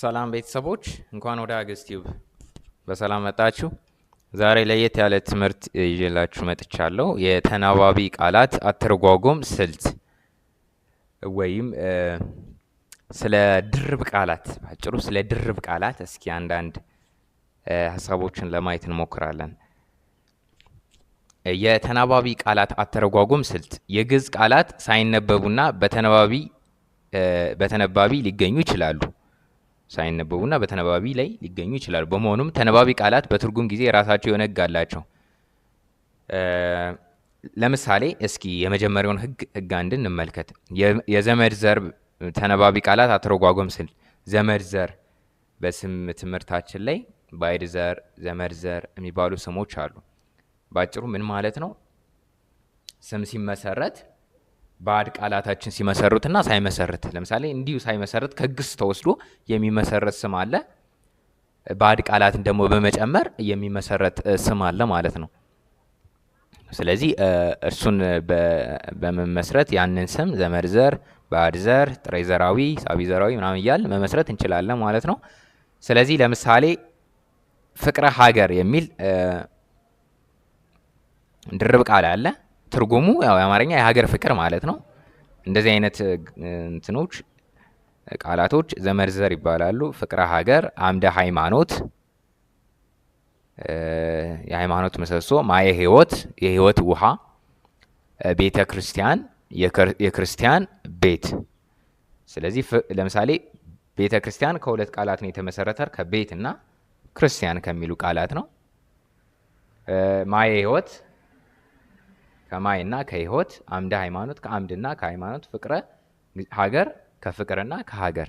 ሰላም ቤተሰቦች እንኳን ወደ አግስት ዩብ በሰላም መጣችሁ። ዛሬ ለየት ያለ ትምህርት ይዤላችሁ መጥቻለሁ። የተናባቢ ቃላት አተረጓጎም ስልት ወይም ስለ ድርብ ቃላት ባጭሩ፣ ስለ ድርብ ቃላት እስኪ አንዳንድ ሀሳቦችን ለማየት እንሞክራለን። የተናባቢ ቃላት አተረጓጎም ስልት የግዕዝ ቃላት ሳይነበቡና በተነባቢ በተነባቢ ሊገኙ ይችላሉ። ሳይነበቡና በተነባቢ ላይ ሊገኙ ይችላሉ። በመሆኑም ተነባቢ ቃላት በትርጉም ጊዜ የራሳቸው የሆነ ህግ አላቸው። ለምሳሌ እስኪ የመጀመሪያውን ህግ ህግ አንድን እንመልከት። የዘመድ ዘር ተነባቢ ቃላት አተረጓጎም ስል ዘመድ ዘር በስም ትምህርታችን ላይ ባይድ ዘር፣ ዘመድ ዘር የሚባሉ ስሞች አሉ። በአጭሩ ምን ማለት ነው? ስም ሲመሰረት ባዕድ ቃላታችን ሲመሰርትና ሳይመሰርት ለምሳሌ እንዲሁ ሳይመሰርት ከግስ ተወስዶ የሚመሰረት ስም አለ። ባዕድ ቃላትን ደግሞ በመጨመር የሚመሰረት ስም አለ ማለት ነው። ስለዚህ እርሱን በመመስረት ያንን ስም ዘመድ ዘር፣ ባዕድ ዘር፣ ጥሬ ዘራዊ፣ ሳቢ ዘራዊ ምናምን እያል መመስረት እንችላለን ማለት ነው። ስለዚህ ለምሳሌ ፍቅረ ሀገር የሚል ድርብ ቃል አለ። ትርጉሙ ያው የአማርኛ የሀገር ፍቅር ማለት ነው። እንደዚህ አይነት እንትኖች ቃላቶች ዘመርዘር ይባላሉ። ፍቅረ ሀገር፣ አምደ ሃይማኖት፣ የሃይማኖት ምሰሶ፣ ማየ ህይወት፣ የህይወት ውሃ፣ ቤተ ክርስቲያን፣ የክርስቲያን ቤት። ስለዚህ ለምሳሌ ቤተ ክርስቲያን ከሁለት ቃላት ነው የተመሰረተ ከቤት እና ክርስቲያን ከሚሉ ቃላት ነው። ማየ ህይወት ከማይና ከህይወት አምደ ሃይማኖት ከአምድና ከሃይማኖት ፍቅረ ሀገር ከፍቅርና ከሀገር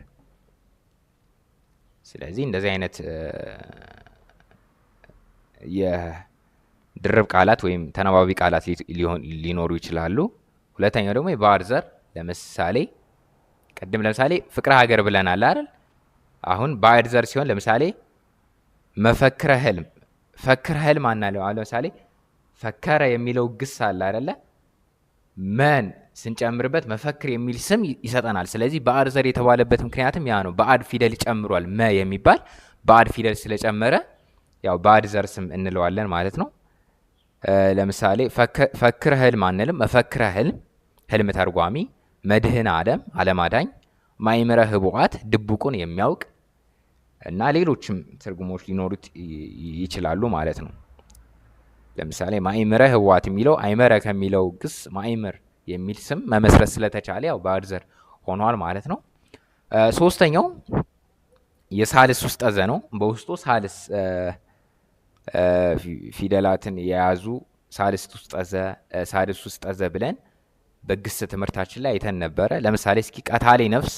ስለዚህ እንደዚህ አይነት የድርብ ቃላት ወይም ተነባቢ ቃላት ሊኖሩ ይችላሉ። ሁለተኛው ደግሞ የባህር ዘር ለምሳሌ ቅድም ለምሳሌ ፍቅረ ሀገር ብለናል አይደል? አሁን ባህር ዘር ሲሆን ለምሳሌ መፈክረ ህልም፣ ፈክረ ህልም አናለው። ለምሳሌ ፈከረ የሚለው ግስ አለ አይደለ? መን ስንጨምርበት መፈክር የሚል ስም ይሰጠናል። ስለዚህ ባዕድ ዘር የተባለበት ምክንያትም ያ ነው። በአድ ፊደል ጨምሯል። መ የሚባል በአድ ፊደል ስለጨመረ ያው በአድ ዘር ስም እንለዋለን ማለት ነው። ለምሳሌ ፈክረ ህልም አንልም። መፈክረ ህልም፣ ህልም ተርጓሚ፣ መድህን አለም፣ አለም አለማዳኝ፣ ማይምረ ህቡዓት፣ ድቡቁን የሚያውቅ እና ሌሎችም ትርጉሞች ሊኖሩት ይችላሉ ማለት ነው። ለምሳሌ ማእምረ ህዋት የሚለው አይመረ ከሚለው ግስ ማእምር የሚል ስም መመስረት ስለተቻለ ያው ባዕድ ሆኗል ማለት ነው። ሶስተኛው የሳልስ ውስጠ ዘ ነው። በውስጡ ሳልስ ፊደላትን የያዙ ሳልስ ውስጠ ዘ፣ ሳልስ ውስጠ ዘ ብለን በግስ ትምህርታችን ላይ አይተን ነበረ። ለምሳሌ እስኪ ቀታሌ ነፍስ፣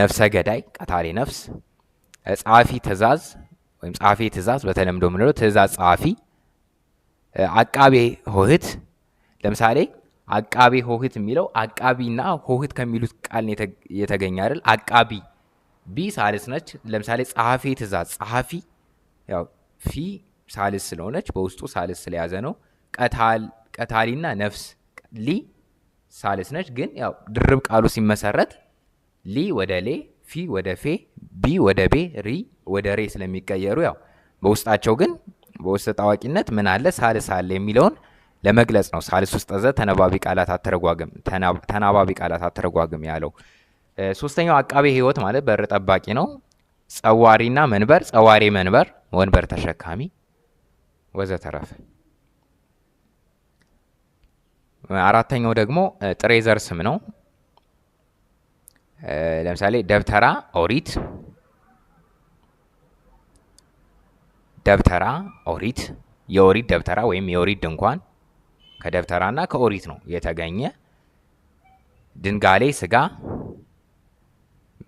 ነፍሰ ገዳይ፣ ቀታሌ ነፍስ፣ ጸሐፊ ትእዛዝ ወይም ጸሐፊ ትእዛዝ በተለምዶ የምንለው ትእዛዝ ጸሐፊ አቃቤ ሆህት ለምሳሌ አቃቤ ሆህት የሚለው አቃቢና ሆህት ከሚሉት ቃል የተገኘ አይደል? አቃቢ ቢ ሳልስ ነች። ለምሳሌ ጸሐፊ ትእዛዝ ጸሐፊ፣ ያው ፊ ሳልስ ስለሆነች በውስጡ ሳልስ ስለያዘ ነው። ቀታሊና ነፍስ ሊ ሳልስ ነች። ግን ያው ድርብ ቃሉ ሲመሰረት ሊ ወደ ሌ፣ ፊ ወደ ፌ፣ ቢ ወደ ቤ፣ ሪ ወደ ሬ ስለሚቀየሩ ያው በውስጣቸው ግን በውስጥ ታዋቂነት ምን አለ ሳልስ አለ የሚለውን ለመግለጽ ነው። ሳልስ ውስጥ ዘ ተነባቢ ቃላት አተረጓግም ተናባቢ ቃላት አተረጓግም ያለው። ሶስተኛው አቃቤ ህይወት ማለት በር ጠባቂ ነው። ጸዋሪና መንበር ጸዋሪ መንበር ወንበር ተሸካሚ ወዘተረፈ። አራተኛው ደግሞ ጥሬ ዘር ስም ነው። ለምሳሌ ደብተራ፣ ኦሪት ደብተራ ኦሪት የኦሪት ደብተራ ወይም የኦሪት ድንኳን ከደብተራና ከኦሪት ነው የተገኘ ድንጋሌ ስጋ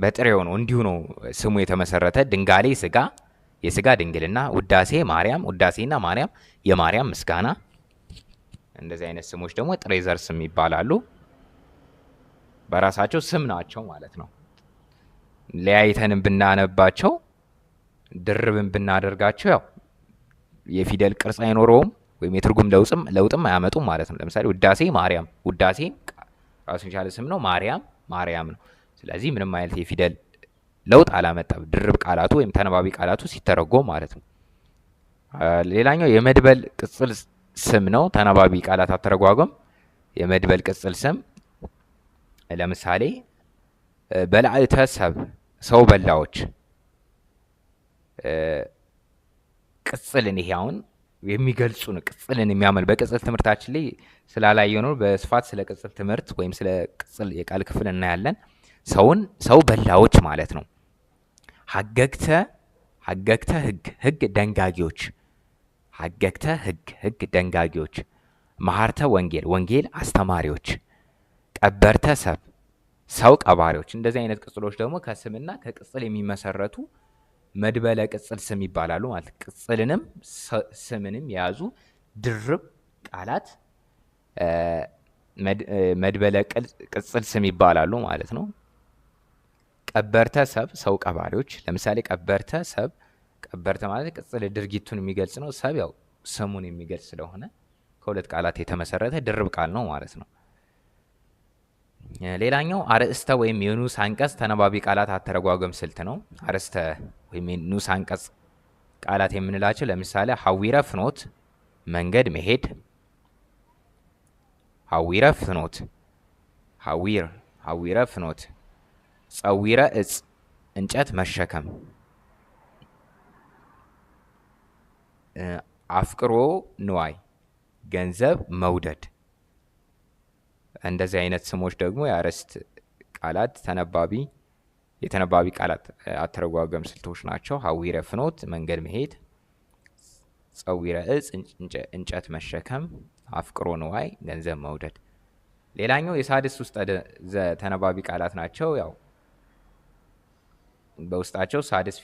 በጥሬው ነው እንዲሁ ነው ስሙ የተመሰረተ ድንጋሌ ስጋ የስጋ ድንግልና ውዳሴ ማርያም ውዳሴና ማርያም የማርያም ምስጋና እንደዚህ አይነት ስሞች ደግሞ ጥሬ ዘር ስም ይባላሉ። በራሳቸው ስም ናቸው ማለት ነው። ለያይተንም ብናነባቸው ድርብን ብናደርጋቸው ያው የፊደል ቅርጽ አይኖረውም ወይም የትርጉም ለውጥም ለውጥም አያመጡም ማለት ነው። ለምሳሌ ውዳሴ ማርያም፣ ውዳሴ ራሱን የቻለ ስም ነው። ማርያም ማርያም ነው። ስለዚህ ምንም አይነት የፊደል ለውጥ አላመጣም ድርብ ቃላቱ ወይም ተነባቢ ቃላቱ ሲተረጎም ማለት ነው። ሌላኛው የመድበል ቅጽል ስም ነው። ተነባቢ ቃላት አተረጓጎም የመድበል ቅጽል ስም ለምሳሌ በላዕተ ሰብ ሰው በላዎች ቅጽልን ይሄ አሁን ነው። ቅጽልን የሚያመል በቅጽል ትምህርታችን ላይ ስላላየ ነው። በስፋት ስለ ቅጽል ትምህርት ወይም ስለ ቅጽል የቃል ክፍል እናያለን። ሰውን ሰው በላዎች ማለት ነው። ሀገግተ ሀገግተ ህግ ህግ ደንጋጊዎች ሀገግተ ህግ ህግ ደንጋጊዎች መሀርተ ወንጌል ወንጌል አስተማሪዎች ቀበርተ ሰብ ሰው ቀባሪዎች። እንደዚህ አይነት ቅጽሎች ደግሞ ከስምና ከቅጽል የሚመሰረቱ መድበለ ቅጽል ስም ይባላሉ ማለት ቅጽልንም ስምንም የያዙ ድርብ ቃላት መድበለ ቅጽል ስም ይባላሉ ማለት ነው። ቀበርተ ሰብ ሰው ቀባሪዎች፣ ለምሳሌ ቀበርተ ሰብ፣ ቀበርተ ማለት ቅጽል ድርጊቱን የሚገልጽ ነው። ሰብ ያው ስሙን የሚገልጽ ስለሆነ ከሁለት ቃላት የተመሰረተ ድርብ ቃል ነው ማለት ነው። ሌላኛው አርእስተ ወይም የንዑስ አንቀጽ ተነባቢ ቃላት አተረጓጎም ስልት ነው። አርእስተ ወይም የንዑስ አንቀጽ ቃላት የምንላቸው ለምሳሌ ሀዊረ ፍኖት መንገድ መሄድ፣ ሀዊረ ፍኖት ሀዊር፣ ሀዊረ ፍኖት፣ ጸዊረ እጽ እንጨት መሸከም፣ አፍቅሮ ንዋይ ገንዘብ መውደድ እንደዚህ አይነት ስሞች ደግሞ የአረስት ቃላት ተነባቢ የተነባቢ ቃላት አተረጓገም ስልቶች ናቸው። ሀዊረ ፍኖት መንገድ መሄድ፣ ጸዊረ እጽ እንጨት መሸከም፣ አፍቅሮ ንዋይ ገንዘብ መውደድ። ሌላኛው የሳድስ ውስጥ ተነባቢ ቃላት ናቸው። ያው በውስጣቸው ሳድስ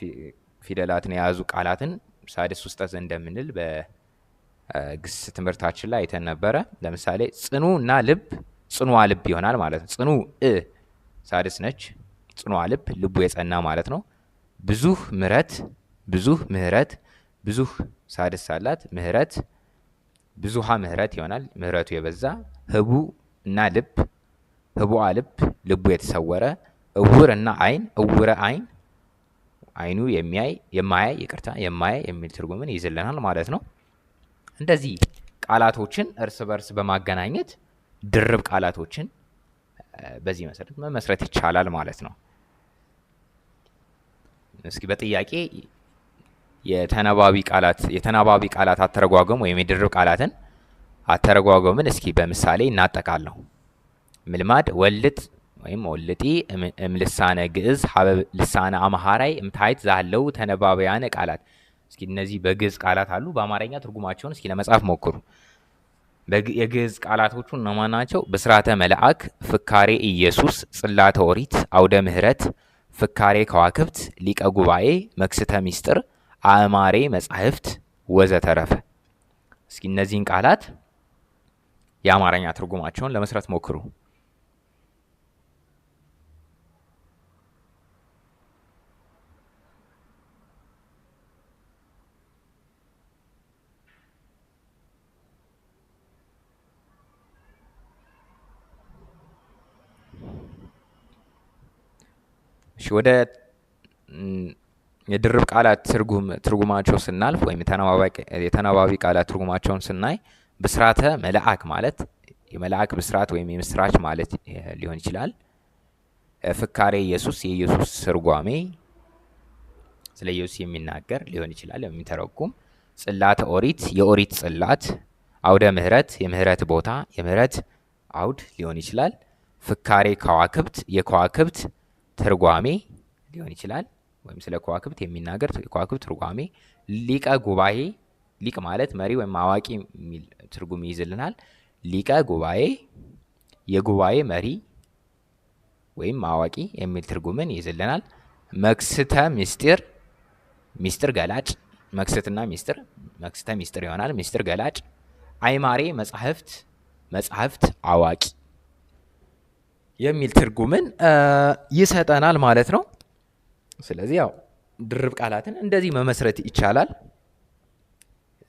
ፊደላትን የያዙ ቃላትን ሳድስ ውስጠ እንደምንል በግስ ትምህርታችን ላይ አይተን ነበረ። ለምሳሌ ጽኑ እና ልብ ጽኑዋ ልብ ይሆናል ማለት ነው። ጽኑ እ ሳድስ ነች። ጽኑዋ ልብ ልቡ የጸና ማለት ነው። ብዙህ ምረት ብዙህ ምህረት ብዙህ ሳድስ አላት ምህረት ብዙሃ ምህረት ይሆናል። ምህረቱ የበዛ ህቡ እና ልብ ህቡአ ልብ ልቡ የተሰወረ እውር እና አይን እውረ አይን አይኑ የሚያይ የማያይ ይቅርታ የማያይ የሚል ትርጉምን ይዝልናል ማለት ነው። እንደዚህ ቃላቶችን እርስ በርስ በማገናኘት ድርብ ቃላቶችን በዚህ መሰረት መመስረት ይቻላል ማለት ነው። እስኪ በጥያቄ የተናባቢ ቃላት የተናባቢ ቃላት አተረጓጎም ወይም የድርብ ቃላትን አተረጓጎምን እስኪ በምሳሌ እናጠቃለሁ። ምልማድ ወልጥ ወይም ወልጢ እምልሳነ ግዕዝ ሀበብ ልሳነ አምሃራይ እምታይት ዛለው ተነባቢያነ ቃላት። እስኪ እነዚህ በግዕዝ ቃላት አሉ፣ በአማርኛ ትርጉማቸውን እስኪ ለመጻፍ ሞክሩ። የግዕዝ ቃላቶቹ እነማ ናቸው? ብስራተ መልአክ፣ ፍካሬ ኢየሱስ፣ ጽላተ ኦሪት፣ አውደ ምሕረት፣ ፍካሬ ከዋክብት፣ ሊቀ ጉባኤ፣ መክስተ ሚስጥር፣ አእማሬ መጻሕፍት ወዘተረፈ። እስኪ እነዚህን ቃላት የአማርኛ ትርጉማቸውን ለመስራት ሞክሩ። ወደ የድርብ ቃላት ትርጉማቸው ስናልፍ ወይም የተናባቢ ቃላት ትርጉማቸውን ስናይ ብስራተ መልአክ ማለት የመልአክ ብስራት ወይም የምስራች ማለት ሊሆን ይችላል። ፍካሬ ኢየሱስ የኢየሱስ ስርጓሜ ስለ ኢየሱስ የሚናገር ሊሆን ይችላል የሚተረጉም። ጽላተ ኦሪት የኦሪት ጽላት፣ አውደ ምህረት የምህረት ቦታ የምህረት አውድ ሊሆን ይችላል። ፍካሬ ከዋክብት የከዋክብት ትርጓሜ ሊሆን ይችላል ወይም ስለ ከዋክብት የሚናገር የከዋክብት ትርጓሜ። ሊቀ ጉባኤ፣ ሊቅ ማለት መሪ ወይም አዋቂ የሚል ትርጉም ይይዝልናል። ሊቀ ጉባኤ፣ የጉባኤ መሪ ወይም አዋቂ የሚል ትርጉምን ይይዝልናል። መክስተ ምስጢር፣ ምስጢር ገላጭ፣ መክስትና ምስጢር፣ መክስተ ምስጢር ይሆናል። ሚስጢር ገላጭ መክስትና ሚስጢር መክስተ ሚስጢር ይሆናል ሚስጢር ገላጭ አይማሬ መጻሕፍት፣ መጻሕፍት አዋቂ የሚል ትርጉምን ይሰጠናል ማለት ነው። ስለዚህ ያው ድርብ ቃላትን እንደዚህ መመስረት ይቻላል።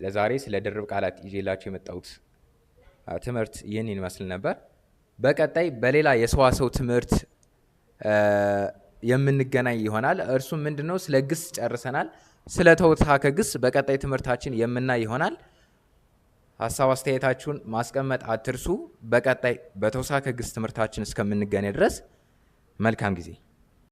ለዛሬ ስለ ድርብ ቃላት ይዤላችሁ የመጣሁት ትምህርት ይህን ይመስል ነበር። በቀጣይ በሌላ የሰዋሰው ትምህርት የምንገናኝ ይሆናል። እርሱም ምንድን ነው? ስለ ግስ ጨርሰናል። ስለ ተውታከ ግስ በቀጣይ ትምህርታችን የምናይ ይሆናል። ሀሳብ አስተያየታችሁን ማስቀመጥ አትርሱ። በቀጣይ በተውሳከ ግስ ትምህርታችን እስከምንገናኝ ድረስ መልካም ጊዜ